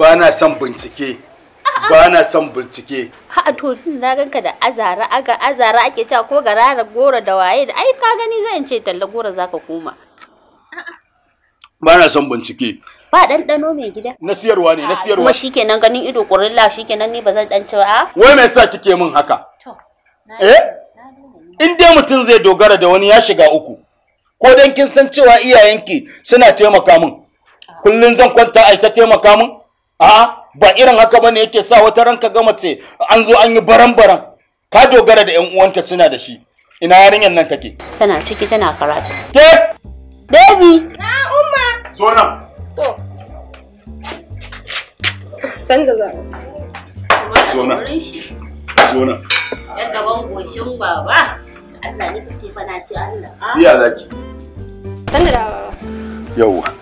ba na son bincike ba na son bincike ha to na ganka da azara aga azara ake cewa ko garara gora da waye da ai ka gani zan ce talla gora zaka koma ba na son bincike ba ɗanɗano mai gida na siyarwa ne na siyarwa kuma shikenan ganin ido kurilla shikenan ne ba zan dan cewa wai me yasa kike min haka eh in dai mutum zai dogara da wani ya shiga uku ko dan kin san cewa iyayenki suna taimaka min kullun zan kwanta ai ta taimaka min a ba irin haka ba ne yake sa wata ranka ga mace an zo an yi baran-baran ka dogara da 'yan uwanta suna da shi ina yarinyar nan take tana ciki tana karatu ke baby na umma zo nan to san da za zo nan zo nan ya gaban goshin baba Allah ne kake na ce Allah iya zaki san da yawa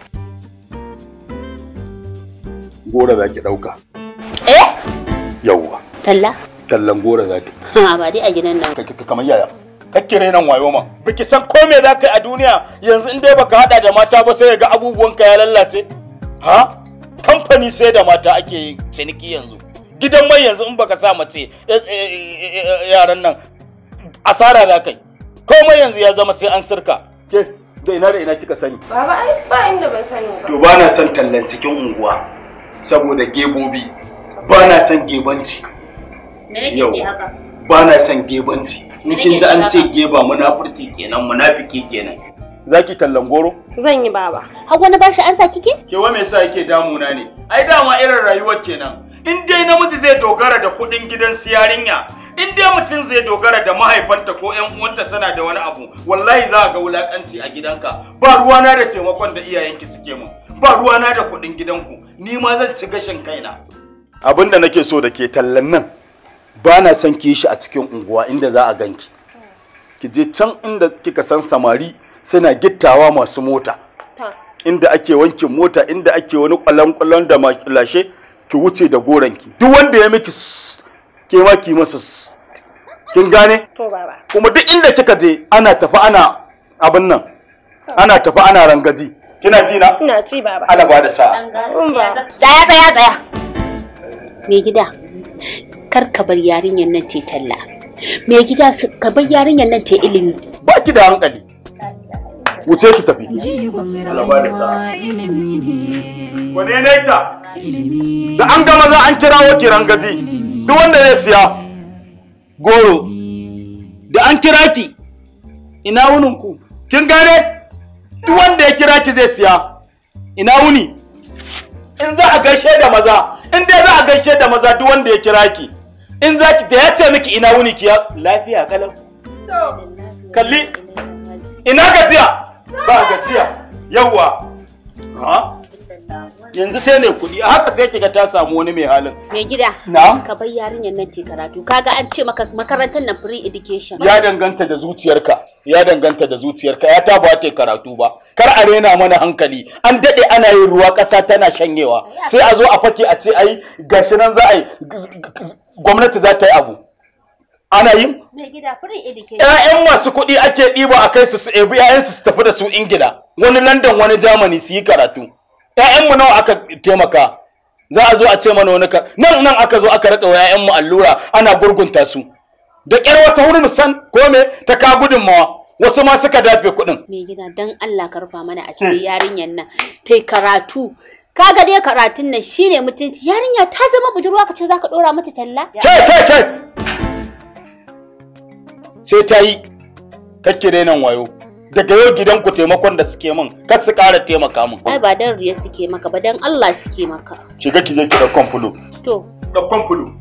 gora za ki ɗauka. Eh? Yawwa. Talla? Tallan gora za ki. Ha ba dai a gidan nan. Kake kamar yaya. Kake renan wayo ma. Biki san ko me za ka yi a duniya yanzu in dai baka haɗa da mata ba sai ga abubuwanka ya lallace. Ha? Kamfani sai da mata ake yin ciniki yanzu. Gidan mai yanzu in baka sa mace eh, eh, eh, yaran nan asara za ka yi. Komai yanzu ya zama sai an sirka. Ke da ina da ina kika sani. Baba ai ba inda ban sani ba. To ba na son tallan cikin unguwa. saboda gebobi ba na son gebanci yau ba na son gebanci in kin ji an ce geba munafurci kenan munafiki kenan zaki tallan goro zan yi baba har wani bashi an sa kike ke wa me yasa yake damuna ne ai dama irin rayuwar kenan in dai namiji zai dogara da kuɗin gidan siyarinya in dai mutum zai dogara da mahaifanta ko ƴan uwanta sana da wani abu wallahi za ga wulakanci a gidanka ba ruwana da taimakon da iyayenki suke mun ba ruwana da kuɗin gidanku ni ma zan ci gashin kaina abin da nake so da ke tallan nan ba na son ki shi a cikin unguwa inda za a ganki ki je can inda kika san samari suna gittawa masu mota inda ake wankin mota inda ake wani kwalan-kwalan da lashe ki wuce da goranki duk wanda ya miki ke ma ki masa kin gane kuma duk inda kika je ana tafi ana abin nan ana tafi ana rangaji Kina ji na? Ina ji baba. Allah ba da sa'a. Tsaya tsaya tsaya. Me gida? Kar ka bar yarinyar nan te talla. Me gida ka bar yarinyar nan te ilimi. Ba ki da hankali. Wuce ki tafi. Allah ba da sa'a. Wane ne ta? Da an gama za an wa kiran gaji. Duk wanda ya siya goro. Da an kira ki ina ku Kin gane? duk wanda ya kira ki zai siya ina wuni in za a gaishe da maza in dai za a gaishe da maza duk wanda ya kira ki in za ki da ya ce miki ina wuni ki lafiya kalau kalli ina gajiya ba gajiya yawwa ha yanzu sai ne kuɗi haka sai kiga ta samu wani mai halin mai gida Na. ka bar yarinyar nan ta karatu kaga an ce maka makarantar nan free education ya danganta da zuciyarka ya danganta da zuciyarka ya ta ba ta karatu ba kar a rena mana hankali an dade ana yin ruwa ƙasa tana shanyewa sai a zo a fake a ce ai gashi nan za a yi gwamnati za ta yi abu ana yin ‘ya'yan masu kuɗi ake ɗiba a kai su su ebi ‘ya'yan su tafi da su ingila wani london wani germany su yi karatu ƴaƴanmu nawa aka taimaka za a zo a ce mana wani nan nan aka zo aka rika wa ƴaƴanmu allura ana gurgunta su da ƙyar wata hurin san ko ta ka gudunmawa wasu ma suka dafe kuɗin. Me gida don Allah karfa mana a cikin hmm. yarinyar nan ta karatu kaga dai karatun nan shi ne mutunci yarinya ta zama budurwa ka ce za ka ɗora mata talla. Kai kai kai sai ta yi kake nan wayo. daga yau gidanku taimakon da suke min kar su ƙara taimaka min ai ba dan riya suke maka ba dan Allah suke maka shiga kije ki da kwamfulu to da kwamfulu